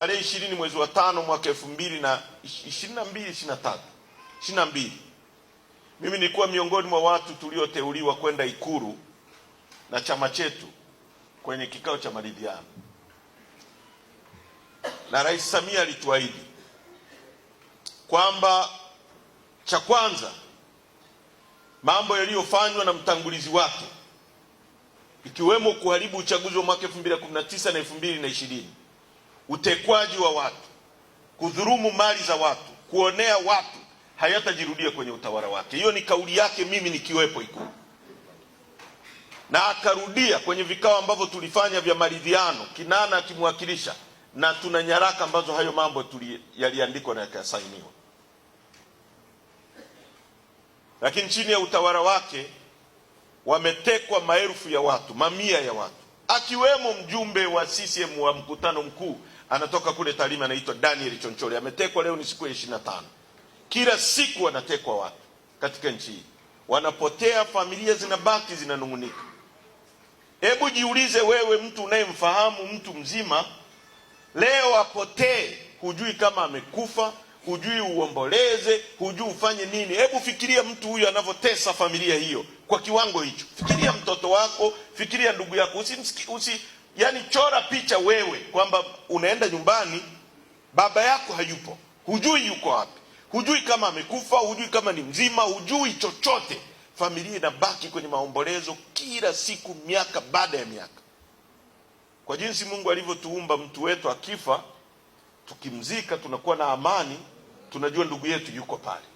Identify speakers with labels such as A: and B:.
A: Tarehe ishirini mwezi wa tano mwaka elfu mbili na ishirini na mbili ishirini na tatu ishirini na mbili mimi nilikuwa miongoni mwa watu tulioteuliwa kwenda Ikulu na chama chetu kwenye kikao cha maridhiano, na Rais Samia alituahidi kwamba cha kwanza mambo yaliyofanywa na mtangulizi wake ikiwemo kuharibu uchaguzi wa mwaka mbili na ishirini utekwaji wa watu, kudhurumu mali za watu, kuonea watu hayatajirudia kwenye utawala wake. Hiyo ni kauli yake, mimi nikiwepo Ikulu, na akarudia kwenye vikao ambavyo tulifanya vya maridhiano, Kinana akimwakilisha, na tuna nyaraka ambazo hayo mambo yaliandikwa na yakasainiwa. Lakini chini ya utawala wake wametekwa maelfu ya watu, mamia ya watu akiwemo mjumbe wa CCM wa mkutano mkuu anatoka kule Tarime, anaitwa Daniel Chonchori, Ametekwa leo, ni siku ya ishirini na tano. Kila siku wanatekwa watu katika nchi hii, wanapotea, familia zinabaki zinanung'unika. Hebu jiulize wewe, mtu unayemfahamu mtu mzima leo apotee, hujui kama amekufa hujui uomboleze, hujui ufanye nini. Hebu fikiria mtu huyu anavyotesa familia hiyo kwa kiwango hicho. Fikiria mtoto wako, fikiria ndugu yako, usimsiki usi, yani chora picha wewe kwamba unaenda nyumbani, baba yako hayupo, hujui yuko wapi, hujui kama amekufa, hujui kama ni mzima, hujui chochote. Familia inabaki kwenye maombolezo kila siku, miaka baada ya miaka. Kwa jinsi Mungu alivyotuumba, mtu wetu akifa tukimzika tunakuwa na amani tunajua ndugu yetu yuko pale.